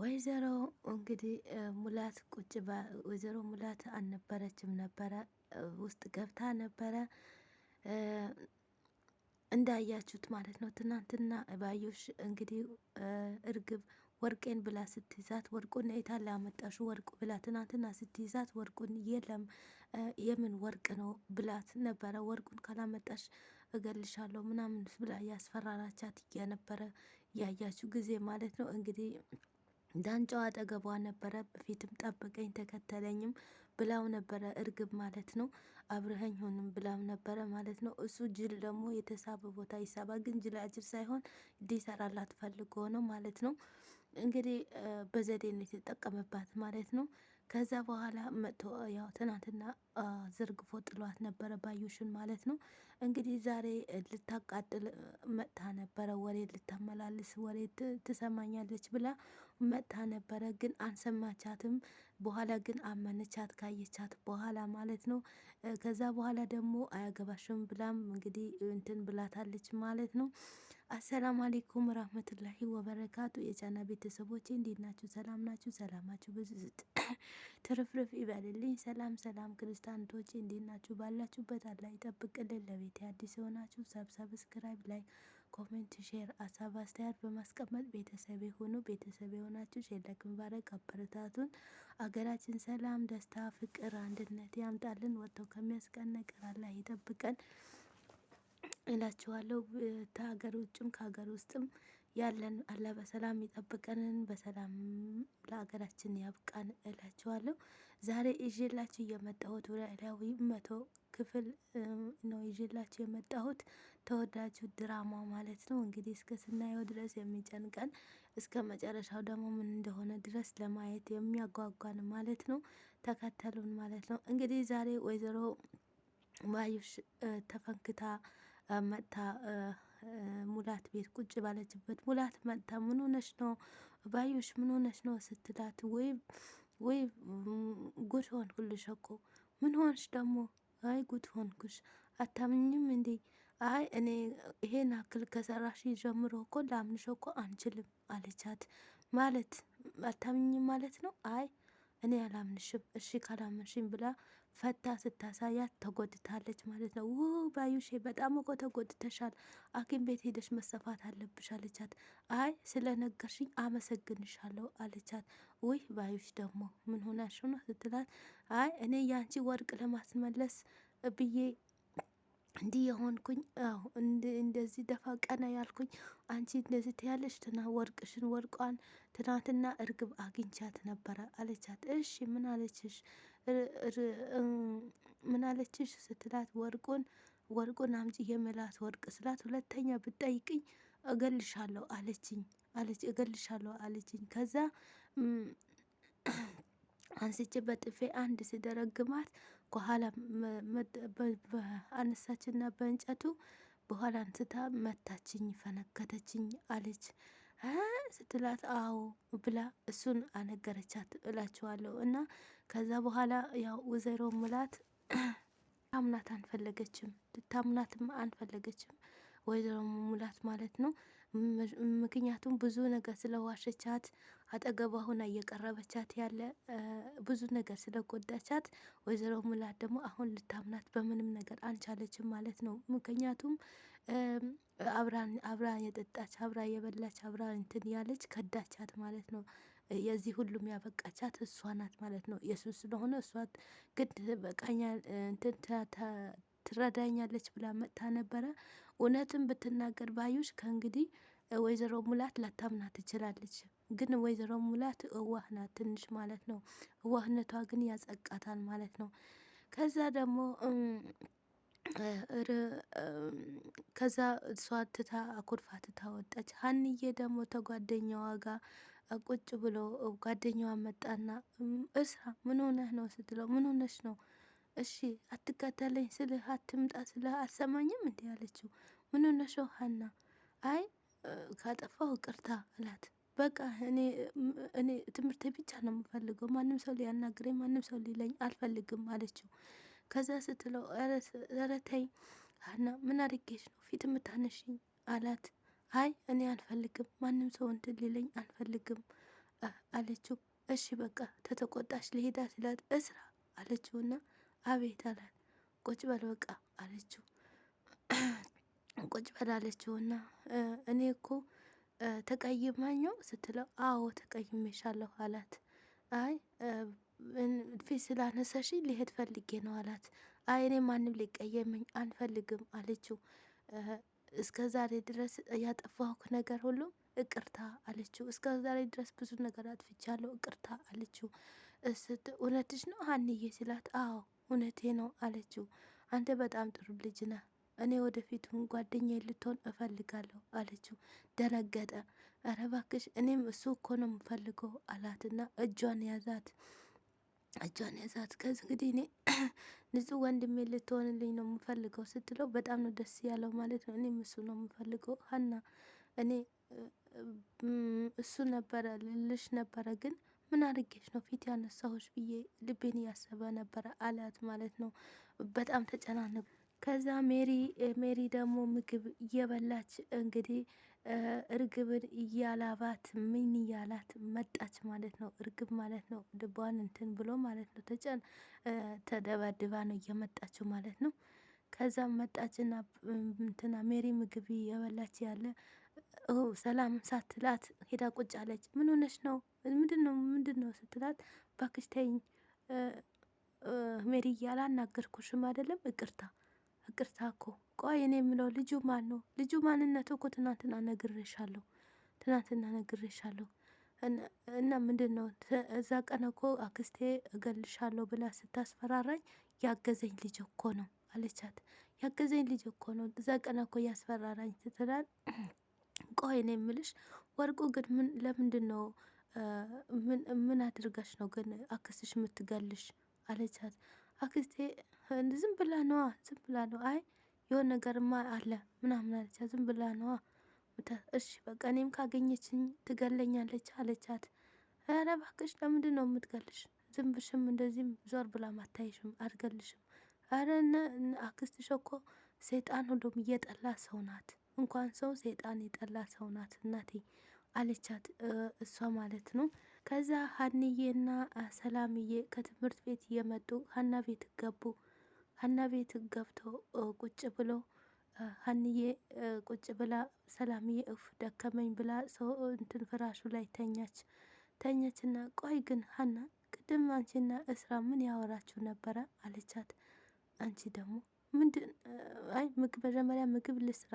ወይዘሮ እንግዲህ ሙላት ቁጭ ወይዘሮ ሙላት አልነበረችም ነበረ ውስጥ ገብታ ነበረ እንዳያችሁት ማለት ነው። ትናንትና ባዮሽ እንግዲህ እርግብ ወርቄን ብላ ስትይዛት ወርቁን የታለ ላመጣሹ ወርቁ ብላ ትናንትና ስትይዛት ወርቁን የለም የምን ወርቅ ነው ብላት ነበረ። ወርቁን ካላመጣሽ እገልሻለሁ ምናምን ብላ ያስፈራራቻት የነበረ ያያችሁ ጊዜ ማለት ነው እንግዲህ ዳንጫው አጠገቧ ነበረ። በፊትም ጠብቀኝ ተከተለኝም ብላው ነበረ፣ እርግብ ማለት ነው። አብረኸኝ ሆንም ብላው ነበረ ማለት ነው። እሱ ጅል ደግሞ የተሳበ ቦታ ይሳባ፣ ግን ጅል ሳይሆን ሊሰራላት ፈልጎ ነው ማለት ነው። እንግዲህ በዘዴ ነው የተጠቀመባት ማለት ነው። ከዛ በኋላ መጥቶ ያው ትናንትና ዘርግፎ ጥሏት ነበረ ባዩሽን ማለት ነው። እንግዲህ ዛሬ ልታቃጥል መጥታ ነበረ፣ ወሬ ልታመላልስ ወሬ ትሰማኛለች ብላ መጥታ ነበረ፣ ግን አንሰማቻትም። በኋላ ግን አመነቻት ካየቻት በኋላ ማለት ነው። ከዛ በኋላ ደግሞ አያገባሽም ብላም እንግዲህ እንትን ብላታለች ማለት ነው። አሰላሙ አሌይኩም ራህመቱላሂ ወበረካቱ። የጫና ቤተሰቦች እንዴት ናችሁ? ሰላም ናችሁ? ሰላማችሁ ብዙ ትርፍርፍ ይበልልኝ። ሰላም ሰላም፣ ክርስቲያኖች እንዴት ናችሁ? ባላችሁበት አላህ ይጠብቅልን። ለቤት አዲስ የሆናችሁ ሰብስክራይብ፣ ላይክ፣ ኮሜንት፣ ሼር፣ አሳብ አስተያየት በማስቀመጥ ቤተሰብ የሆኑ ቤተሰብ የሆናችሁ ሸለክ ምባረክ አበረታቱን። አገራችን ሰላም፣ ደስታ፣ ፍቅር፣ አንድነት ያምጣልን። ወጥተው ከሚያስቀነቅር ነገር አላህ ይጠብቀን። እላችኋለሁ። ከሀገር ውጭም ከሀገር ውስጥም ያለን አላ በሰላም ይጠብቀንን፣ በሰላም ለሀገራችን ያብቃን እላችኋለሁ። ዛሬ ይዤላችሁ የመጣሁት ኖላዊ መቶ ክፍል ነው ይዤላችሁ የመጣሁት ተወዳጁ ድራማ ማለት ነው። እንግዲህ እስከ ስናየው ድረስ የሚጨንቀን እስከ መጨረሻው ደግሞ ምን እንደሆነ ድረስ ለማየት የሚያጓጓን ማለት ነው። ተከተሉን ማለት ነው። እንግዲህ ዛሬ ወይዘሮ ባዩሽ ተፈንክታ መጥታ ሙላት ቤት ቁጭ ባለችበት ሙላት መጥታ ምን ሆነሽ ነው ባዩሽ ምን ሆነሽ ነው ስትላት፣ ወይ ወይ ጉድ ሆንኩልሽ እኮ ምን ሆንሽ ደግሞ? አይ ጉድ ሆንኩሽ አታምኝም እንዴ? አይ እኔ ይሄን አክል ከሰራሽ ጀምሮ እኮ ላምንሽ እኮ አንችልም አለቻት። ማለት አታምኝም ማለት ነው አይ እኔ ያላምንሽም እሺ ካላምንሽም ብላ ፈታ ስታሳያት ተጎድታለች ማለት ነው። ው ባዩሼ በጣም እኮ ተጎድተሻል፣ ሐኪም ቤት ሄደሽ መሰፋት አለብሽ አለቻት። አይ ስለ ነገርሽኝ አመሰግንሻለሁ አለቻት። ውይ ባዩሽ ደግሞ ምን ሆናሽ ነው ስትላት፣ አይ እኔ ያንቺ ወርቅ ለማስመለስ ብዬ እንዲህ የሆንኩኝ እንደዚህ ደፋ ቀና ያልኩኝ አንቺ እንደዚህ ትያለሽ። ትና ወርቅሽን ወርቋን ትናንትና እርግብ አግኝቻት ነበረ አለቻት። እሺ ምን አለችሽ? ምን አለችሽ ስትላት ወርቁን ወርቁን አምጪ የምላት ወርቅ ስላት ሁለተኛ ብጠይቅኝ እገልሻለሁ አለችኝ አለች እገልሻለሁ አለችኝ። ከዛ አንስቼ በጥፌ አንድ ስደረግማት ከኋላ አነሳችና በእንጨቱ በኋላ አንስታ መታችኝ፣ ፈነከተችኝ አለች ስትላት አዎ ብላ እሱን አነገረቻት እላችኋለሁ። እና ከዛ በኋላ ያው ወይዘሮ ሙላት ታምናት አንፈለገችም፣ ታምናትም አንፈለገችም ወይዘሮ ሙላት ማለት ነው። ምክንያቱም ብዙ ነገር ስለዋሸቻት አጠገቧ ሁና እየቀረበቻት ያለ ብዙ ነገር ስለጎዳቻት ወይዘሮ ሙላት ደግሞ አሁን ልታምናት በምንም ነገር አልቻለችም ማለት ነው። ምክንያቱም አብራ የጠጣች አብራ የበላች አብራ እንትን ያለች ከዳቻት ማለት ነው። የዚህ ሁሉም ያበቃቻት እሷ ናት ማለት ነው። የሱ ስለሆነ እሷ ግድ በቃኛ እንትን ትረዳኛለች ብላ መጥታ ነበረ። እውነትም ብትናገር ባዩሽ ከእንግዲህ ወይዘሮ ሙላት ላታምናት ትችላለች። ግን ወይዘሮ ሙላት እዋህ ናት ትንሽ ማለት ነው። እዋህነቷ ግን ያጸቃታል ማለት ነው። ከዛ ደግሞ ከዛ እሷ ትታ አኩርፋ ትታ ወጣች። ሀንዬ ደግሞ ተጓደኛዋ ጋር ቁጭ ብሎ ጓደኛዋ መጣና እስራ ምን ሆነህ ነው ስትለው፣ ምን ሆነች ነው እሺ አትከተለኝ ስልህ አትምጣ ስልህ አሰማኝም እንዲህ አለችው። ምን ሆነሽ ሀና? አይ ካጠፋሁ ይቅርታ አላት። በቃ እኔ እኔ ትምህርቴ ብቻ ነው የምፈልገው፣ ማንም ሰው ሊያናግረኝ፣ ማንም ሰው ሊለኝ አልፈልግም አለችው። ከዛ ስትለው ኧረ ተይ ሀና ምን አድርጌሽ ነው ፊት የምታነሽኝ አላት። አይ እኔ አልፈልግም፣ ማንም ሰው እንትን ሊለኝ አልፈልግም አለችው። እሺ በቃ ተተቆጣሽ ልሄዳ ስላት እስራ አለችው እና አቤት አላት። ቁጭ በል በቃ አለችው። ቁጭ በል አለችው እና እኔ እኮ ተቀይማኝ ስትለው አዎ ተቀይሜሻለሁ አላት። አይ ፊት ስላነሰሽ ሊሄድ ፈልጌ ነው አላት። አይ እኔ ማንም ሊቀየመኝ አንፈልግም አለችው። እስከ ዛሬ ድረስ ያጠፋሁት ነገር ሁሉ እቅርታ አለችው። እስከ ዛሬ ድረስ ብዙ ነገር አጥፍቻለሁ እቅርታ አለችው። እስት እውነትሽ ነው ሀንዬ ሲላት አዎ እውነቴ ነው አለችው። አንተ በጣም ጥሩ ልጅ ነህ እኔ ወደፊቱን ጓደኛዬ ልትሆን እፈልጋለሁ አለችው። ደነገጠ። ኧረ እባክሽ እኔም እሱ እኮ ነው የምፈልገው አላትና እጇን ያዛት እጇን ያዛት። ከዚህ እንግዲህ እኔ ንጹህ ወንድሜ ልትሆንልኝ ነው የምፈልገው ስትለው በጣም ነው ደስ ያለው ማለት ነው። እኔም እሱ ነው የምፈልገው ሀና፣ እኔ እሱ ነበረ ልልሽ ነበረ ግን ምን አድርጌሽ ነው ፊት ያነሳሁሽ ብዬ ልቤን እያሰበ ነበረ አላት ማለት ነው። በጣም ተጨናነቁ። ከዛ ሜሪ ሜሪ ደግሞ ምግብ እየበላች እንግዲህ እርግብን እያላባት ምን እያላት መጣች ማለት ነው። እርግብ ማለት ነው ልቧን እንትን ብሎ ማለት ነው ተጨን ተደባድባ ነው እየመጣችው ማለት ነው። ከዛ መጣችና እንትና ሜሪ ምግብ እየበላች ያለ ሰላም ሳትላት ሄዳ ቁጭ አለች። ምን ሆነች ነው ምንድን ነው ምንድን ነው ስትላት ባክሽ ሜሪ እያላ እያላናገርኩሽም አይደለም ይቅርታ ይቅርታ እኮ ቆይ እኔ የምለው ልጁ ማን ነው? ልጁ ማንነቱ እኮ ትናንትና ነግሬሻለሁ፣ ትናንትና ነግሬሻለሁ። እና ምንድን ነው እዛ ቀን እኮ አክስቴ እገልሻለሁ ብላ ስታስፈራራኝ ያገዘኝ ልጅ እኮ ነው አለቻት። ያገዘኝ ልጅ እኮ ነው እዛ ቀን እኮ እያስፈራራኝ ስትላል፣ ቆይ እኔ የምልሽ ወርቁ ግን ምን ለምንድን ነው ምን አድርጋሽ ነው ግን አክስትሽ የምትገልሽ አለቻት። አክስቴ ዝም ብላ ነዋ፣ ዝም ብላ ነው። አይ የሆነ ነገርማ አለ ምናምን አለቻ። ዝም ብላ ነዋ። እሺ በቃ እኔም ካገኘችኝ ትገለኛለች አለቻት። ኧረ እባክሽ ለምንድን ነው የምትገልሽ? ዝም ብሽም እንደዚህም ዞር ብላ ማታይሽም አትገልሽም። ኧረ አክስትሽ እኮ ሰይጣን ሁሉም እየጠላ ሰው ናት፣ እንኳን ሰው ሰይጣን የጠላ ሰው ናት እናቴ አለቻት። እሷ ማለት ነው ከዛ ሀንዬና ሰላምዬ ከትምህርት ቤት እየመጡ ሀና ቤት ገቡ። ሀና ቤት ገብተው ቁጭ ብሎ ሀንዬ ቁጭ ብላ ሰላምዬ እፍ ደከመኝ ብላ ሰው እንትን ፍራሹ ላይ ተኛች። ተኛችና ቆይ ግን ሀና ቅድም አንቺና እስራ ምን ያወራችሁ ነበረ አለቻት። አንቺ ደግሞ ምንድን አይ ምግብ መጀመሪያ ምግብ ልስራ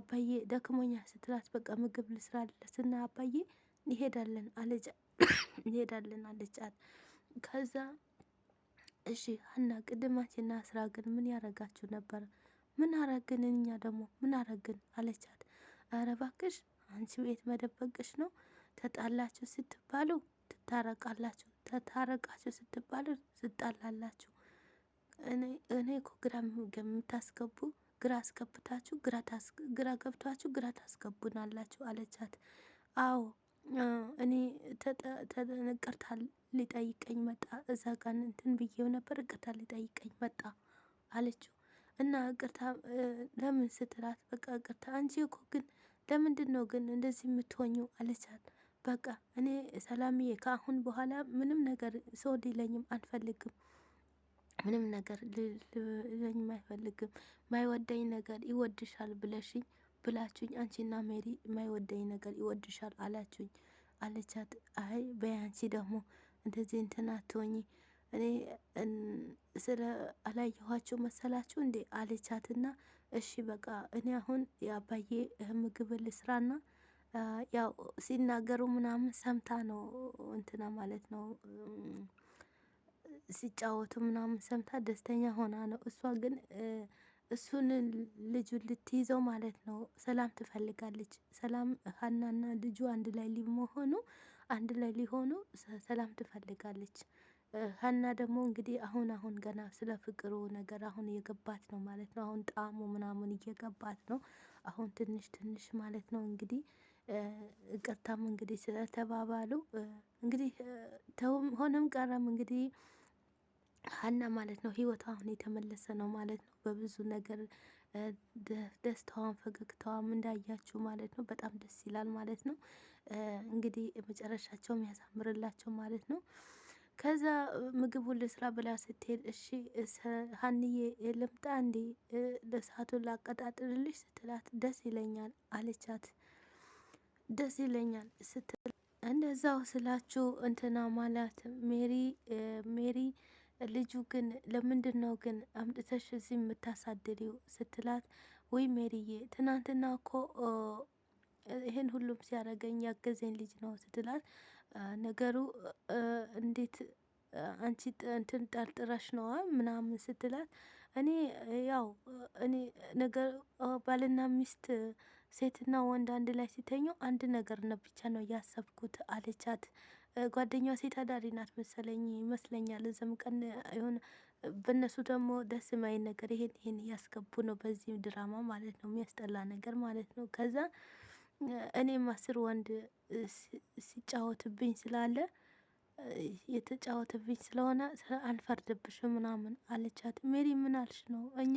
አባዬ ደክሞኛ ስትላት፣ በቃ ምግብ ልስራ ስና አባዬ እንሄዳለን አለቻት። እንሄዳለን አለቻት። ከዛ እሺ ሀና ቅድማችና ስራ ግን ምን ያረጋችሁ ነበር? ምን አረግን? እኛ ደግሞ ምን አረግን አለቻት። አረ እባክሽ አንቺ ቤት መደበቅሽ ነው። ተጣላችሁ ስትባሉ ትታረቃላችሁ፣ ተታረቃችሁ ስትባሉ ትጣላላችሁ። እኔ እኮ ግራ የምታስገቡ ግራ አስገብታችሁ ግራ ገብቷችሁ ግራ ታስገቡናላችሁ አለቻት። አዎ እኔ ይቅርታ ሊጠይቀኝ መጣ፣ እዛ ጋር እንትን ብዬው ነበር፣ እቅርታ ሊጠይቀኝ መጣ አለችው። እና እቅርታ ለምን ስትላት፣ በቃ እቅርታ አንቺ እኮ ግን ለምንድን ነው ግን እንደዚህ የምትሆኘው አለቻት። በቃ እኔ ሰላምዬ ከአሁን በኋላ ምንም ነገር ሰው ሊለኝም አልፈልግም ምንም ነገር ልለኝም አይፈልግም። ማይወደኝ ነገር ይወድሻል ብለሽኝ ብላችሁኝ አንቺና ሜሪ የማይወደኝ ነገር ይወድሻል አላችሁኝ አለቻት። አይ በያንቺ ደግሞ እንደዚህ እንትን አትሆኚ፣ እኔ ስለ አላየኋችሁ መሰላችሁ እንዴ አለቻትና እሺ በቃ እኔ አሁን የአባዬ ምግብ ልስራና ያው ሲናገሩ ምናምን ሰምታ ነው እንትና ማለት ነው ሲጫወቱ ምናምን ሰምታ ደስተኛ ሆና ነው እሷ ግን እሱን ልጁ ልትይዘው ማለት ነው። ሰላም ትፈልጋለች። ሰላም ሀናና ልጁ አንድ ላይ ሊመሆኑ አንድ ላይ ሊሆኑ ሰላም ትፈልጋለች። ሀና ደግሞ እንግዲህ አሁን አሁን ገና ስለ ፍቅሩ ነገር አሁን እየገባት ነው ማለት ነው። አሁን ጣዕሙ ምናምን እየገባት ነው። አሁን ትንሽ ትንሽ ማለት ነው እንግዲህ ይቅርታም እንግዲህ ስለተባባሉ እንግዲህ ተውም ሆነም ቀረም እንግዲህ ሀና ማለት ነው ህይወቷ አሁን የተመለሰ ነው ማለት ነው። በብዙ ነገር ደስታዋን፣ ፈገግታዋም እንዳያችሁ ማለት ነው። በጣም ደስ ይላል ማለት ነው። እንግዲህ መጨረሻቸውም ያሳምርላቸው ማለት ነው። ከዛ ምግቡን ልስራ ብላ ስትሄድ እሺ ሀንዬ ልምጣ እንዴ ለሰዓቱን ላቀጣጥልልሽ ስትላት ደስ ይለኛል አለቻት። ደስ ይለኛል ስትል እንደዛው ስላችሁ እንትና ማለት ሜሪ ሜሪ ልጁ ግን ለምንድን ነው ግን አምጥተሽ እዚህ የምታሳድሪው ስትላት፣ ወይ ሜሪዬ ትናንትና እኮ ይህን ሁሉም ሲያደርገኝ ያገዘኝ ልጅ ነው ስትላት፣ ነገሩ እንዴት አንቺ እንትን ጠርጥረሽ ነዋ ምናምን ስትላት፣ እኔ ያው እኔ ነገር ባልና ሚስት ሴትና ወንድ አንድ ላይ ሲተኙ አንድ ነገር ነው ብቻ ነው ያሰብኩት አለቻት። ጓደኛዋ ሴት አዳሪ ናት መሰለኝ ይመስለኛል። እዛም ቀን የሆነ በእነሱ ደግሞ ደስ የማይል ነገር ይሄን ይሄን እያስገቡ ነው በዚህ ድራማ ማለት ነው። የሚያስጠላ ነገር ማለት ነው። ከዛ እኔም አስር ወንድ ሲጫወትብኝ ስላለ የተጫወተብኝ ስለሆነ አልፈርድብሽም ምናምን አለቻት። ሜሪ ምን አልሽ ነው እኛ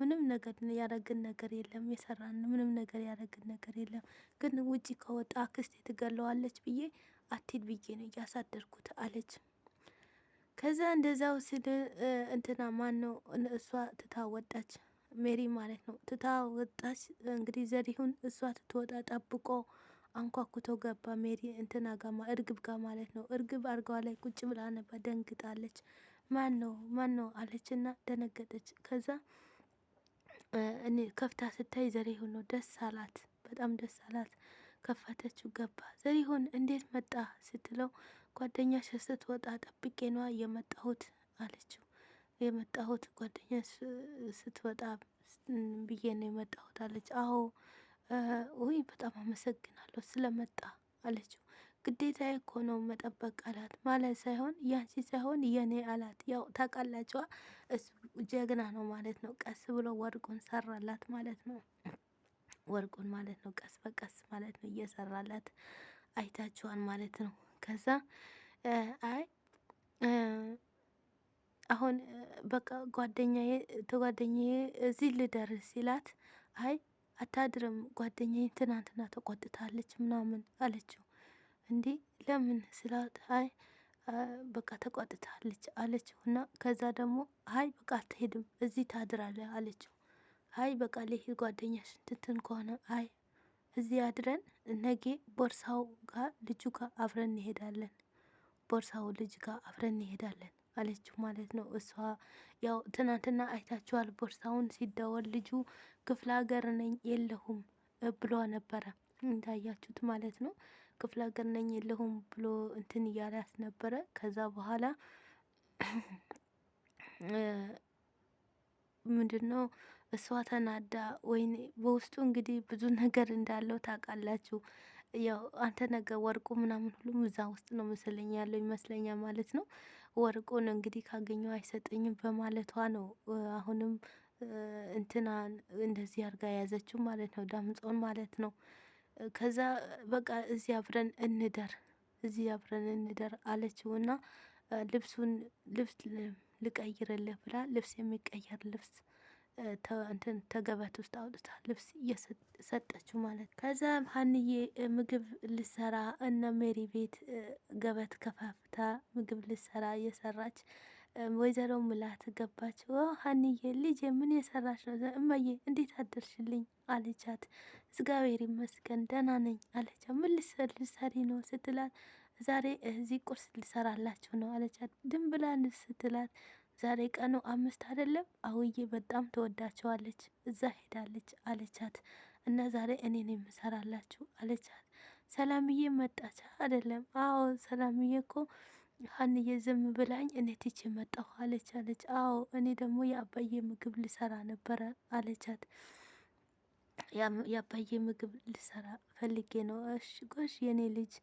ምንም ነገር ያደረግን ነገር የለም የሰራን ምንም ነገር ያደረግን ነገር የለም። ግን ውጪ ከወጣ አክስቴ ትገለዋለች ብዬ አቲል ብዬ ነው እያሳደርኩት አለች። ከዛ እንደዛው ስል እንትና ማን ነው እሷ ትታ ወጣች፣ ሜሪ ማለት ነው ትታ ወጣች። እንግዲህ ዘሪሁን እሷ ትትወጣ ጠብቆ አንኳኩቶ ገባ። ሜሪ እንትና ጋማ እርግብ ጋር ማለት ነው። እርግብ አልጋዋ ላይ ቁጭ ብላ ነበር፣ ደንግጣለች። ማን ነው ማን ነው አለች እና ደነገጠች። ከዛ እኔ ከፍታ ስታይ ዘሪሁን ነው። ደስ አላት፣ በጣም ደስ አላት። ከፈተችው ገባ። ዘሪሁን እንዴት መጣ ስትለው ጓደኛሽ ስትወጣ ጠብቄ ነዋ የመጣሁት አለችው። የመጣሁት ጓደኛሽ ስትወጣ ብዬ ነው የመጣሁት አለች። አዎ ውይ በጣም አመሰግናለሁ ስለመጣ አለችው። ግዴታ እኮ ነው መጠበቅ አላት። ማለት ሳይሆን ያንቺ ሳይሆን የኔ አላት። ያው ታውቃላችዋ፣ እሱ ጀግና ነው ማለት ነው። ቀስ ብሎ ወርቁን ሰራላት ማለት ነው። ወርቁን ማለት ነው። ቀስ በቀስ ማለት ነው እየሰራላት አይታችኋል ማለት ነው። ከዛ አይ አሁን በቃ ጓደኛዬ ተጓደኛዬ እዚህ ልደርስ ሲላት አይ አታድርም ጓደኛዬ ትናንትና ተቆጥታለች ምናምን አለችው። እንዲህ ለምን ስላት አይ በቃ ተቆጥታለች አለችው። እና ከዛ ደግሞ አይ በቃ አትሄድም እዚህ ታድራለህ አለችው። አይ በቃ ጓደኛ ጓደኛሽ እንትን ከሆነ አይ እዚህ አድረን ነጌ ቦርሳው ጋር ልጁ ጋር አብረን እንሄዳለን፣ ቦርሳው ልጅ ጋር አብረን እንሄዳለን አለችው ማለት ነው። እሷ ያው ትናንትና አይታችኋል፣ ቦርሳውን ሲደወል ልጁ ክፍለ ሀገር ነኝ የለሁም ብሎ ነበረ እንዳያችሁት ማለት ነው። ክፍለ ሀገር ነኝ የለሁም ብሎ እንትን እያላት ነበረ። ከዛ በኋላ ምንድን ነው እሷ ተናዳ ወይኔ በውስጡ እንግዲህ ብዙ ነገር እንዳለው ታውቃላችሁ። ያው አንተ ነገር ወርቁ ምናምን ሁሉም እዛ ውስጥ ነው መሰለኝ ያለው ይመስለኛል ማለት ነው። ወርቁን እንግዲህ ካገኘው አይሰጠኝም በማለቷ ነው አሁንም እንትና እንደዚህ አድርጋ የያዘችው ማለት ነው፣ ዳምጾን ማለት ነው። ከዛ በቃ እዚህ አብረን እንደር እዚህ አብረን እንደር አለችውና ልብሱን ልብስ ልቀይርልህ ብላ ልብስ የሚቀየር ልብስ ተገበት ውስጥ አውጥታ ልብስ እየሰጠችው ማለት ነው። ሀንዬ ምግብ ልሰራ እነ ሜሪ ቤት ገበት ከፋፍታ ምግብ ልሰራ እየሰራች ወይዘሮ ምላት ገባች። ሀንዬ ልጄ ምን የሰራች ነው? እመዬ እንዴት አደርሽልኝ አለቻት። እግዚአብሔር ይመስገን ደህና ነኝ አለቻት። ምን ልሰሪ ነው ስትላት፣ ዛሬ እዚህ ቁርስ ልሰራላችሁ ነው አለቻት። ድንብላል ስትላት ዛሬ ቀኑ አምስት አይደለም? አውዬ በጣም ትወዳቸዋለች። እዛ ሄዳለች አለቻት። እና ዛሬ እኔ ነኝ የምሰራላችሁ አለቻት። ሰላምዬ መጣች አይደለም? አዎ ሰላምዬ እኮ ሀንዬ ዝም ብላኝ እኔ ትቼ መጣሁ አለች አለች። አዎ እኔ ደግሞ የአባዬ ምግብ ልሰራ ነበረ አለቻት። የአባዬ ምግብ ልሰራ ፈልጌ ነው። እሺ ጎሽ የኔ ልጅ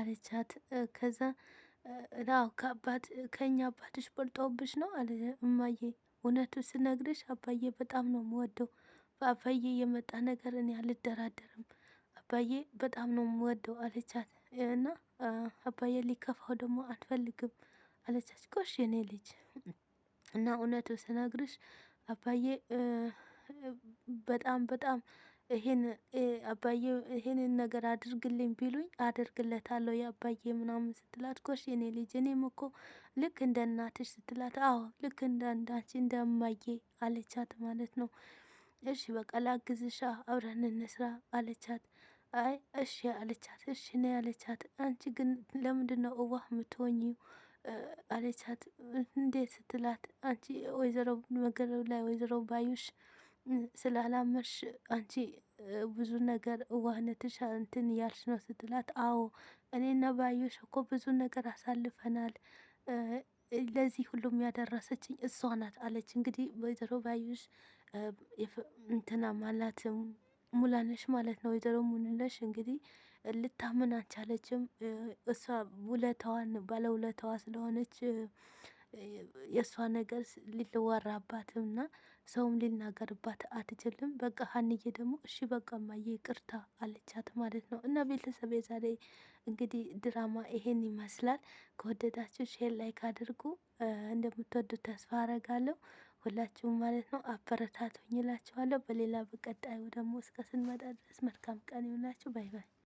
አለቻት። ከዛ ናው ከአባት ከእኛ አባትሽ በልጦብሽ ነው አለ። እማዬ እውነቱ ስነግርሽ አባዬ በጣም ነው የምወደው። በአባዬ የመጣ ነገር እኔ አልደራደርም። አባዬ በጣም ነው የምወደው አለቻት። እና አባዬ ሊከፋው ደግሞ አልፈልግም አለቻት። ቆሽ የኔ ልጅ እና እውነቱ ስነግርሽ አባዬ በጣም በጣም ይሄን አባዬ ይሄንን ነገር አድርግልኝ ቢሉኝ አደርግለታለሁ የአባዬ ምናምን ስትላት፣ ጎሽ የኔ ልጅ እኔም እኮ ልክ እንደ እናትሽ ስትላት፣ አዎ ልክ እንደ አንዳች እንደ እማዬ አለቻት ማለት ነው። እሺ በቃ ላግዝሻ፣ አብረን እንስራ አለቻት። አይ እሺ አለቻት። እሺ ነው አለቻት። አንቺ ግን ለምንድን ነው እዋህ የምትሆኚው አለቻት። እንዴት ስትላት፣ አንቺ ወይዘሮ መገረብ ላይ ወይዘሮ ባዩሽ ስላላመሽ አንቺ ብዙ ነገር ዋህነትሽ እንትን እያልሽ ነው ስትላት፣ አዎ እኔና ባዩሽ እኮ ብዙ ነገር አሳልፈናል ለዚህ ሁሉም ያደረሰችኝ እሷ ናት አለች። እንግዲህ ወይዘሮ ባዩሽ እንትና ማላት ሙላነሽ ማለት ነው። ወይዘሮ ሙሉነሽ እንግዲህ ልታምን አልቻለችም። እሷ ውለታዋን ባለውለታዋ ስለሆነች የእሷ ነገር ሊወራባትም ና ሰውም ሊናገርባት አትችልም። በቃ ሀንዬ ደግሞ እሺ በቃ እማዬ ይቅርታ አለቻት ማለት ነው። እና ቤተሰብ የዛሬ እንግዲህ ድራማ ይሄን ይመስላል። ከወደዳችሁ ሼር ላይክ አድርጉ። እንደምትወዱት ተስፋ አረጋለሁ። ሁላችሁም ማለት ነው አበረታቱኝ እላችኋለሁ። በሌላ በቀጣዩ ደግሞ እስከ ስንመጣ ድረስ መልካም ቀን ይሁንላችሁ። ባይ ባይ።